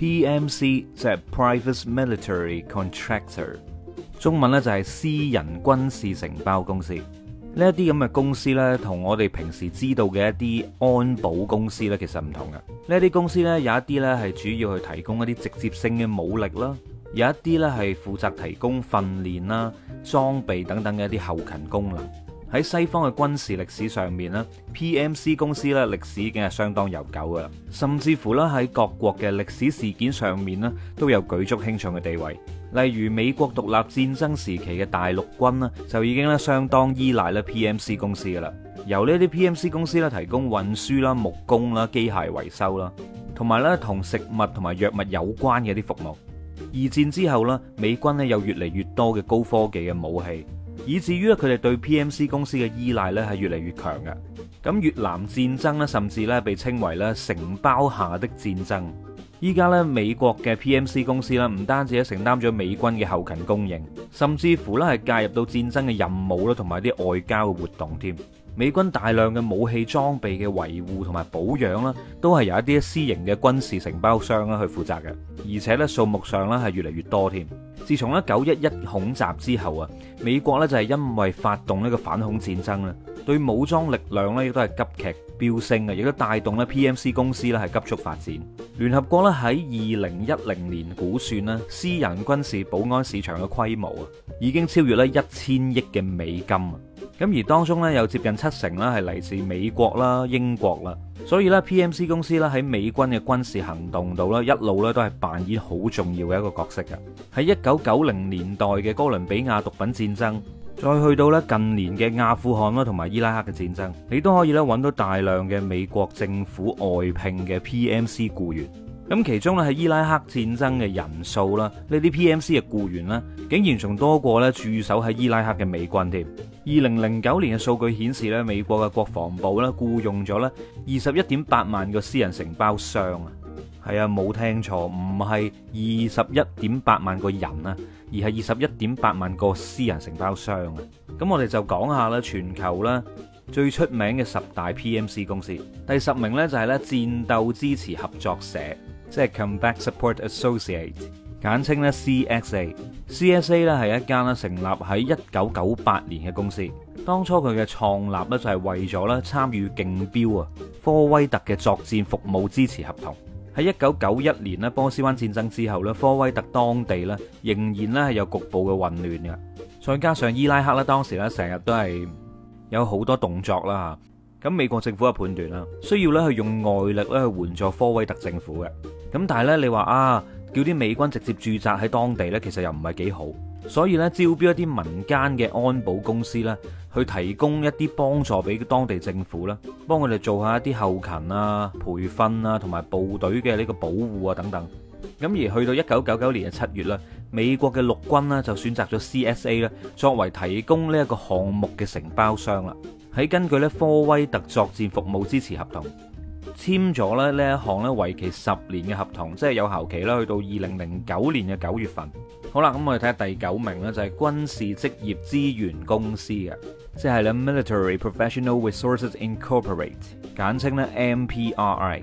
PMC 即係 Private Military Contractor，中文咧就係私人軍事承包公司。呢一啲咁嘅公司咧，同我哋平時知道嘅一啲安保公司咧，其實唔同嘅。呢一啲公司咧，有一啲咧係主要去提供一啲直接性嘅武力啦，有一啲咧係負責提供訓練啦、裝備等等嘅一啲後勤功能。喺西方嘅軍事歷史上面呢，PMC 公司咧歷史已經係相當悠久㗎喇，甚至乎咧喺各國嘅歷史事件上面呢，都有舉足輕重嘅地位。例如美國獨立戰爭時期嘅大陸軍呢，就已經咧相當依賴咧 PMC 公司㗎喇，由呢啲 PMC 公司咧提供運輸啦、木工啦、機械維修啦，同埋咧同食物同埋藥物有關嘅啲服務。二戰之後呢，美軍呢有越嚟越多嘅高科技嘅武器。以至於佢哋對 PMC 公司嘅依賴咧係越嚟越強嘅。咁越南戰爭咧，甚至咧被稱為咧承包下的戰爭。依家咧，美國嘅 PMC 公司咧，唔單止係承擔咗美軍嘅後勤供應，甚至乎咧係介入到戰爭嘅任務啦，同埋啲外交活動添。美軍大量嘅武器裝備嘅維護同埋保養呢都係由一啲私營嘅軍事承包商啦去負責嘅，而且呢數目上啦係越嚟越多添。自從咧九一一恐襲之後啊，美國呢就係因為發動呢個反恐戰爭咧，對武裝力量呢亦都係急劇飆升啊，亦都帶動呢 PMC 公司呢係急速發展。聯合國呢喺二零一零年估算呢私人軍事保安市場嘅規模啊，已經超越咧一千億嘅美金。咁而當中咧，有接近七成啦，係嚟自美國啦、英國啦，所以咧，P.M.C 公司咧喺美軍嘅軍事行動度咧，一路咧都係扮演好重要嘅一個角色嘅。喺一九九零年代嘅哥倫比亞毒品戰爭，再去到咧近年嘅阿富汗啦同埋伊拉克嘅戰爭，你都可以咧揾到大量嘅美國政府外聘嘅 P.M.C 僱員。咁其中咧喺伊拉克戰爭嘅人數啦，呢啲 P.M.C 嘅僱員咧，竟然仲多過咧駐守喺伊拉克嘅美軍添。二零零九年嘅數據顯示咧，美國嘅國防部咧僱用咗咧二十一點八萬個私人承包商啊，係啊，冇聽錯，唔係二十一點八萬個人啊，而係二十一點八萬個私人承包商啊。咁我哋就講下咧全球咧最出名嘅十大 PMC 公司，第十名呢，就係咧戰鬥支持合作社，即係 Combat Support Associate，簡稱咧 CXA。C.S.A 咧係一間咧成立喺一九九八年嘅公司，當初佢嘅創立咧就係為咗咧參與競標啊科威特嘅作戰服務支持合同。喺一九九一年咧波斯灣戰爭之後咧，科威特當地咧仍然咧係有局部嘅混亂嘅，再加上伊拉克咧當時咧成日都係有好多動作啦嚇，咁美國政府嘅判斷啦，需要咧去用外力咧去援助科威特政府嘅，咁但係咧你話啊？叫啲美軍直接駐紮喺當地咧，其實又唔係幾好，所以咧，招標一啲民間嘅安保公司咧，去提供一啲幫助俾當地政府啦，幫我哋做下一啲後勤啊、培訓啊，同埋部隊嘅呢個保護啊等等。咁而去到一九九九年嘅七月咧，美國嘅陸軍咧就選擇咗 CSA 咧作為提供呢一個項目嘅承包商啦，喺根據咧科威特作戰服務支持合同。簽咗咧呢一項咧，為期十年嘅合同，即係有效期咧，去到二零零九年嘅九月份。好啦，咁我哋睇下第九名呢就係軍事職業資源公司啊，即係咧 Military Professional Resources Incorporate，簡稱咧 MPRI。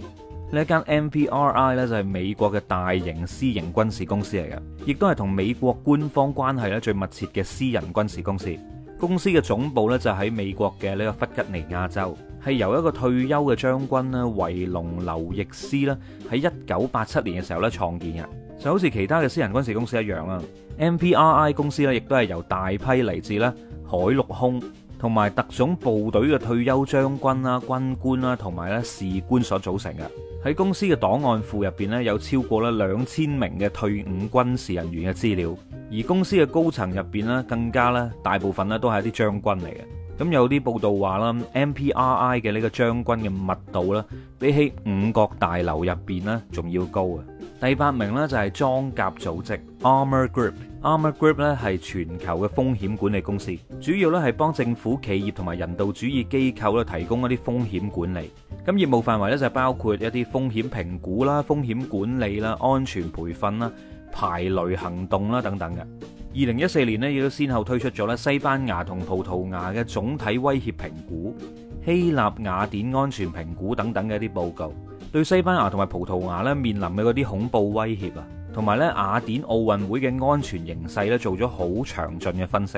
呢一間 MPRI 呢，就係美國嘅大型私營軍事公司嚟嘅，亦都係同美國官方關係咧最密切嘅私人軍事公司。公司嘅總部呢，就喺美國嘅呢個弗吉尼亞州。係由一個退休嘅將軍呢，維龍劉易斯呢，喺一九八七年嘅時候呢創建嘅。就好似其他嘅私人軍事公司一樣啦，MPRI 公司呢亦都係由大批嚟自咧海陸空同埋特種部隊嘅退休將軍啦、軍官啦同埋咧士官所組成嘅。喺公司嘅檔案庫入邊呢，有超過咧兩千名嘅退伍軍事人員嘅資料，而公司嘅高層入邊呢更加咧大部分呢都係一啲將軍嚟嘅。咁有啲報道話啦，MPRI 嘅呢個將軍嘅密度啦，比起五角大樓入邊呢仲要高啊！第八名呢，就係裝甲組織 Armor Group，Armor Group 呢，係全球嘅風險管理公司，主要呢，係幫政府、企業同埋人道主義機構咧提供一啲風險管理。咁業務範圍呢，就包括一啲風險評估啦、風險管理啦、安全培訓啦、排雷行動啦等等嘅。二零一四年呢，亦都先後推出咗咧西班牙同葡萄牙嘅總體威脅評估、希臘雅典安全評估等等嘅一啲報告，對西班牙同埋葡萄牙呢面臨嘅嗰啲恐怖威脅啊，同埋呢雅典奧運會嘅安全形勢呢，做咗好詳盡嘅分析。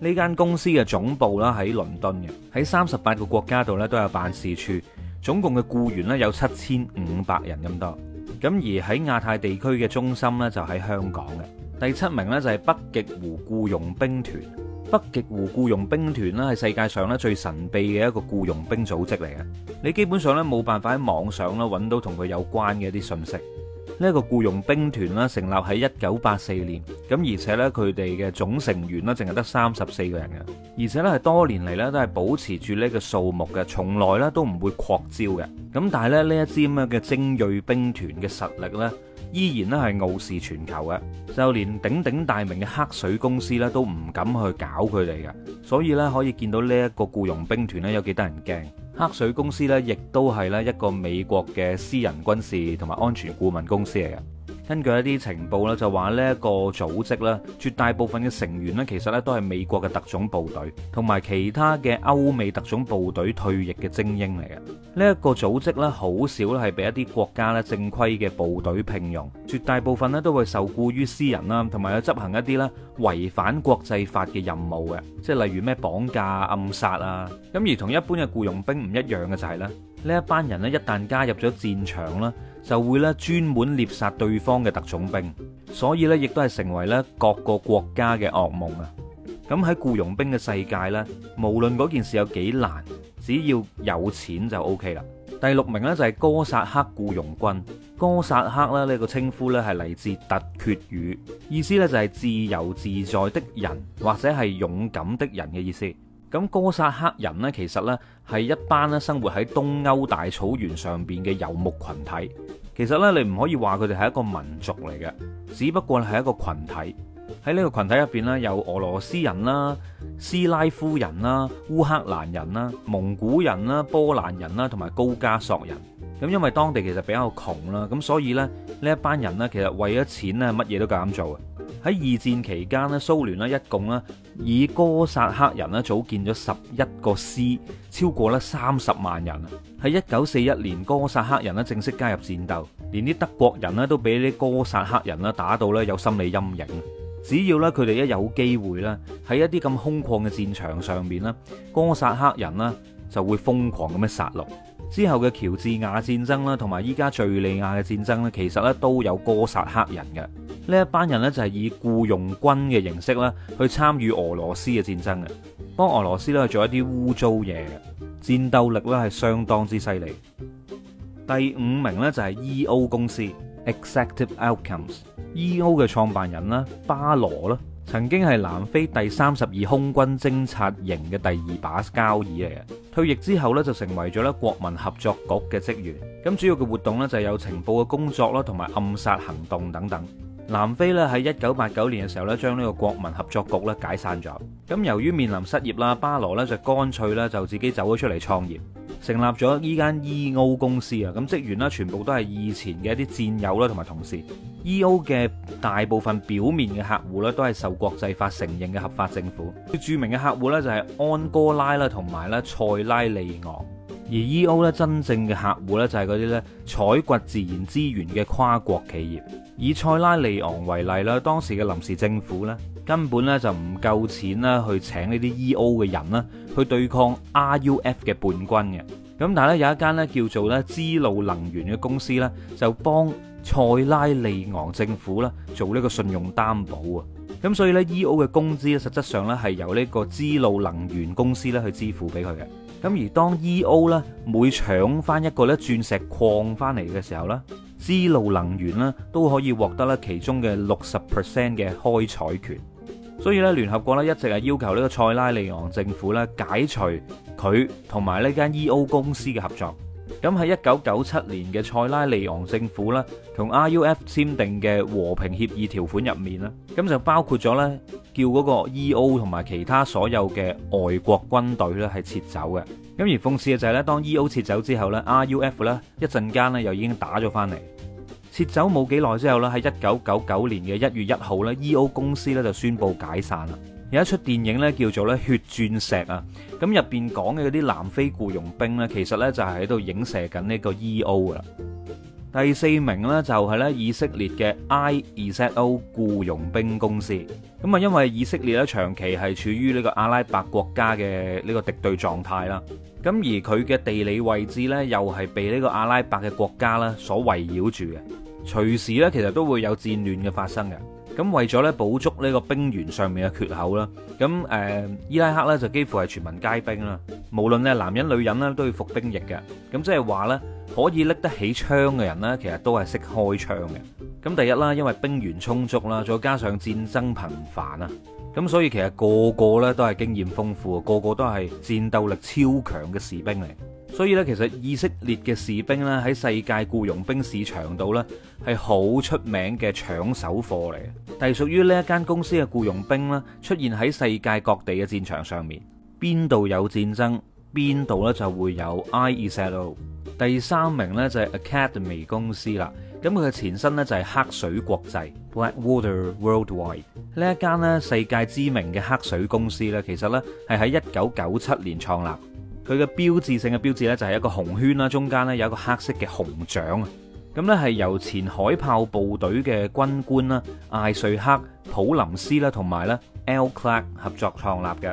呢間公司嘅總部啦喺倫敦嘅，喺三十八個國家度呢，都有辦事處，總共嘅僱員呢，有七千五百人咁多。咁而喺亞太地區嘅中心呢，就喺香港嘅。第七名呢，就係北極狐僱傭兵團。北極狐僱傭兵團呢，係世界上咧最神秘嘅一個僱傭兵組織嚟嘅。你基本上咧冇辦法喺網上揾到同佢有關嘅一啲信息。呢、這、一個僱傭兵團呢，成立喺一九八四年，咁而且呢，佢哋嘅總成員咧淨係得三十四個人嘅，而且呢，係多年嚟咧都係保持住呢個數目嘅，從來咧都唔會擴招嘅。咁但係咧呢一支咁樣嘅精銳兵團嘅實力呢？依然咧係傲視全球嘅，就連鼎鼎大名嘅黑水公司咧都唔敢去搞佢哋嘅，所以咧可以見到呢一個雇傭兵團咧有幾得人驚。黑水公司咧亦都係咧一個美國嘅私人軍事同埋安全顧問公司嚟嘅。根據一啲情報咧，就話呢一個組織咧，絕大部分嘅成員呢其實呢都係美國嘅特種部隊，同埋其他嘅歐美特種部隊退役嘅精英嚟嘅。呢、這、一個組織呢好少咧係俾一啲國家呢正規嘅部隊聘用，絕大部分呢都會受雇於私人啦，同埋去執行一啲呢違反國際法嘅任務嘅，即係例如咩綁架、暗殺啊。咁而同一般嘅僱傭兵唔一樣嘅就係、是、咧，呢一班人呢一旦加入咗戰場啦。就會咧專門獵殺對方嘅特種兵，所以咧亦都係成為咧各個國家嘅噩夢啊。咁喺僱傭兵嘅世界呢，無論嗰件事有幾難，只要有錢就 OK 啦。第六名呢，就係哥薩克僱傭軍。哥薩克咧呢個稱呼呢，係嚟自突厥語，意思呢，就係自由自在的人或者係勇敢的人嘅意思。咁哥薩克人呢，其實呢係一班呢生活喺東歐大草原上邊嘅遊牧群體。其實呢，你唔可以話佢哋係一個民族嚟嘅，只不過係一個群體。喺呢個群體入邊呢，有俄羅斯人啦、斯拉夫人啦、烏克蘭人啦、蒙古人啦、波蘭人啦，同埋高加索人。咁因為當地其實比較窮啦，咁所以呢，呢一班人呢，其實為咗錢呢，乜嘢都夠膽做啊！喺二戰期間呢，蘇聯呢，一共呢。以哥薩克人咧組建咗十一個師，超過咧三十萬人。喺一九四一年，哥薩克人咧正式加入戰鬥，連啲德國人咧都俾啲哥薩克人咧打到咧有心理陰影。只要咧佢哋一有機會咧，喺一啲咁空曠嘅戰場上面咧，哥薩克人咧就會瘋狂咁樣殺戮。之後嘅喬治亞戰爭啦，同埋依家敍利亞嘅戰爭呢，其實呢都有哥薩克人嘅。呢一班人呢，就係以僱傭軍嘅形式啦，去參與俄羅斯嘅戰爭嘅，幫俄羅斯咧做一啲污糟嘢嘅，戰鬥力咧係相當之犀利。第五名呢，就係 EO 公司 Executive Outcomes，EO 嘅創辦人啦，巴羅啦。曾經係南非第三十二空軍偵察營嘅第二把交椅嚟嘅，退役之後呢，就成為咗咧國民合作局嘅職員，咁主要嘅活動呢，就係有情報嘅工作啦，同埋暗殺行動等等。南非咧喺一九八九年嘅時候呢，將呢個國民合作局咧解散咗，咁由於面臨失業啦，巴羅呢就乾脆咧就自己走咗出嚟創業。成立咗依間 E.O. 公司啊，咁職員咧全部都係以前嘅一啲戰友啦，同埋同事。E.O. 嘅大部分表面嘅客戶咧，都係受國際法承認嘅合法政府。最著名嘅客戶咧就係安哥拉啦，同埋咧塞拉利昂。而 E.O. 咧真正嘅客戶咧就係嗰啲咧採掘自然資源嘅跨國企業。以塞拉利昂為例啦，當時嘅臨時政府咧。根本咧就唔夠錢啦，去請呢啲 E.O. 嘅人啦，去對抗 R.U.F. 嘅叛軍嘅。咁但係咧有一間咧叫做咧支路能源嘅公司咧，就幫塞拉利昂政府啦做呢個信用擔保啊。咁所以咧 E.O. 嘅工資咧，實質上咧係由呢個支路能源公司咧去支付俾佢嘅。咁而當 E.O. 咧每搶翻一個咧鑽石礦翻嚟嘅時候咧，支路能源咧都可以獲得咧其中嘅六十 percent 嘅開採權。所以咧，聯合國咧一直係要求呢個塞拉利昂政府咧解除佢同埋呢間 E.O 公司嘅合作。咁喺一九九七年嘅塞拉利昂政府咧同 R.U.F 簽訂嘅和平協議條款入面咧，咁就包括咗咧叫嗰個 E.O 同埋其他所有嘅外國軍隊咧係撤走嘅。咁而諷刺嘅就係咧，當 E.O 撤走之後咧，R.U.F 咧一陣間咧又已經打咗翻嚟。撤走冇幾耐之後咧，喺一九九九年嘅一月一號咧，E.O. 公司咧就宣布解散啦。有一出電影咧叫做咧《血鑽石》啊，咁入邊講嘅嗰啲南非僱傭兵咧，其實咧就係喺度影射緊呢個 E.O. 噶啦。第四名呢，就係咧以色列嘅 IECO 僱傭兵公司。咁啊，因為以色列咧長期係處於呢個阿拉伯國家嘅呢個敵對狀態啦，咁而佢嘅地理位置呢，又係被呢個阿拉伯嘅國家呢所圍繞住嘅。隨時咧，其實都會有戰亂嘅發生嘅。咁為咗咧補足呢個兵員上面嘅缺口啦，咁誒伊拉克咧就幾乎係全民皆兵啦。無論你係男人女人啦，都要服兵役嘅。咁即係話咧，可以拎得起槍嘅人咧，其實都係識開槍嘅。咁第一啦，因為兵源充足啦，再加上戰爭頻繁啊，咁所以其實個個咧都係經驗豐富，個個都係戰鬥力超強嘅士兵嚟。所以咧，其實以色列嘅士兵咧喺世界僱傭兵市場度咧係好出名嘅搶手貨嚟，但係屬於呢一間公司嘅僱傭兵呢，出現喺世界各地嘅戰場上面，邊度有戰爭，邊度呢就會有 I 以色列。第三名呢，就係 Academy 公司啦，咁佢嘅前身呢，就係黑水國際 （Blackwater Worldwide） 呢一間呢，間世界知名嘅黑水公司呢，其實呢，係喺一九九七年創立。佢嘅標誌性嘅標誌呢，就係一個紅圈啦，中間呢，有一個黑色嘅熊掌啊。咁咧係由前海豹部隊嘅軍官啦，艾瑞克普林斯啦同埋咧 L Clark 合作創立嘅。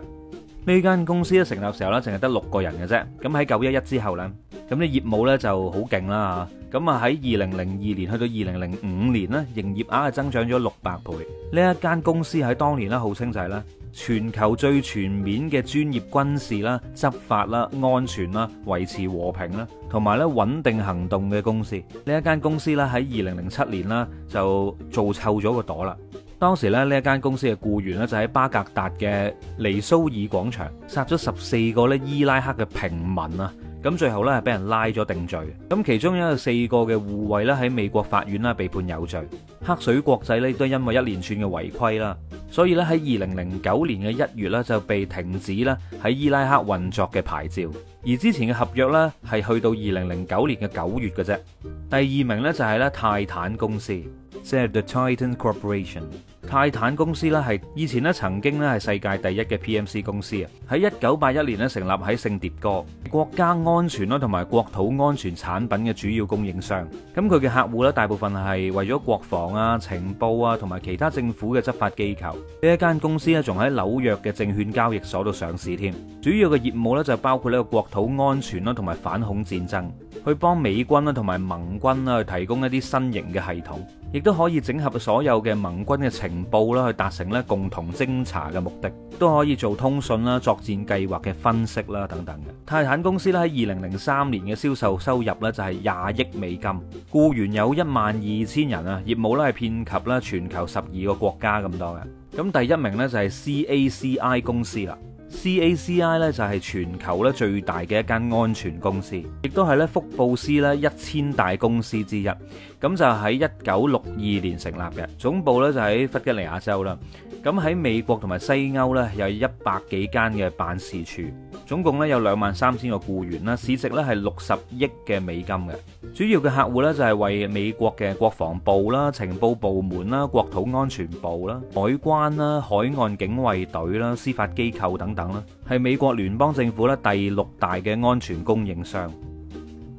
呢間公司咧成立時候呢，淨係得六個人嘅啫。咁喺九一一之後呢，咁啲業務呢就好勁啦。咁啊喺二零零二年去到二零零五年呢，營業額係增長咗六百倍。呢一間公司喺當年呢、就是，號稱就係咧。全球最全面嘅專業軍事啦、執法啦、安全啦、維持和平啦，同埋咧穩定行動嘅公司。呢一間公司咧喺二零零七年啦就做臭咗個朵啦。當時咧呢一間公司嘅僱員呢，就喺巴格達嘅尼蘇爾廣場殺咗十四個咧伊拉克嘅平民啊。咁最後呢，係俾人拉咗定罪，咁其中有四個嘅護衛呢，喺美國法院咧被判有罪。黑水國際呢，都因為一連串嘅違規啦，所以咧喺二零零九年嘅一月咧就被停止咧喺伊拉克運作嘅牌照，而之前嘅合約呢，係去到二零零九年嘅九月嘅啫。第二名呢，就係咧泰坦公司，即係 The Titan Corporation。泰坦公司咧係以前咧曾經咧係世界第一嘅 PMC 公司啊，喺一九八一年咧成立喺聖迭戈，國家安全啦同埋國土安全產品嘅主要供應商。咁佢嘅客戶咧大部分係為咗國防啊、情報啊同埋其他政府嘅執法機構。呢一間公司咧仲喺紐約嘅證券交易所度上市添，主要嘅業務咧就包括呢個國土安全啦同埋反恐戰爭去幫美軍啦同埋盟軍啦去提供一啲新型嘅系統，亦都可以整合所有嘅盟軍嘅情報啦，去達成咧共同偵查嘅目的，都可以做通訊啦、作戰計劃嘅分析啦等等嘅。泰坦公司咧喺二零零三年嘅銷售收入咧就係廿億美金，僱員有一萬二千人啊，業務咧係遍及啦全球十二個國家咁多嘅。咁第一名咧就係 CACI 公司啦。C.A.C.I 咧就係全球咧最大嘅一間安全公司，亦都係咧福布斯咧一千大公司之一。咁就喺一九六二年成立嘅，總部咧就喺弗吉尼亞州啦。咁喺美國同埋西歐呢，有一百幾間嘅辦事處，總共呢有兩萬三千個僱員啦，市值呢係六十億嘅美金嘅。主要嘅客戶呢，就係為美國嘅國防部啦、情報部門啦、國土安全部啦、海關啦、海岸警衛隊啦、司法機構等等啦，係美國聯邦政府咧第六大嘅安全供應商。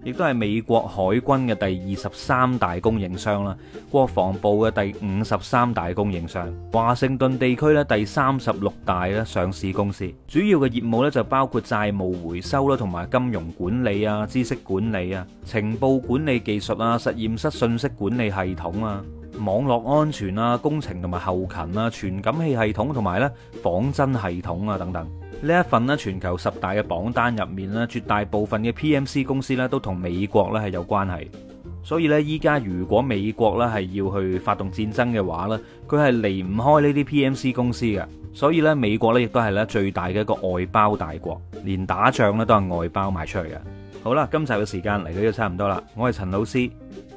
亦都係美國海軍嘅第二十三大供應商啦，國防部嘅第五十三大供應商，華盛頓地區咧第三十六大咧上市公司。主要嘅業務咧就包括債務回收啦，同埋金融管理啊、知識管理啊、情報管理技術啊、實驗室信息管理系統啊、網絡安全啊、工程同埋後勤啊、傳感器系統同埋咧仿真系統啊等等。呢一份咧全球十大嘅榜單入面咧，絕大部分嘅 PMC 公司咧都同美國咧係有關係，所以咧依家如果美國咧係要去發動戰爭嘅話咧，佢係離唔開呢啲 PMC 公司嘅。所以咧美國咧亦都係咧最大嘅一個外包大國，連打仗咧都係外包埋出去嘅。好啦，今集嘅時間嚟到咗差唔多啦，我係陳老師，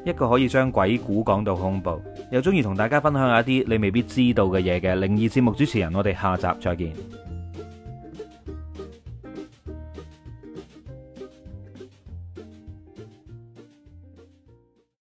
一個可以將鬼故講到恐怖，又中意同大家分享一啲你未必知道嘅嘢嘅靈異節目主持人，我哋下集再見。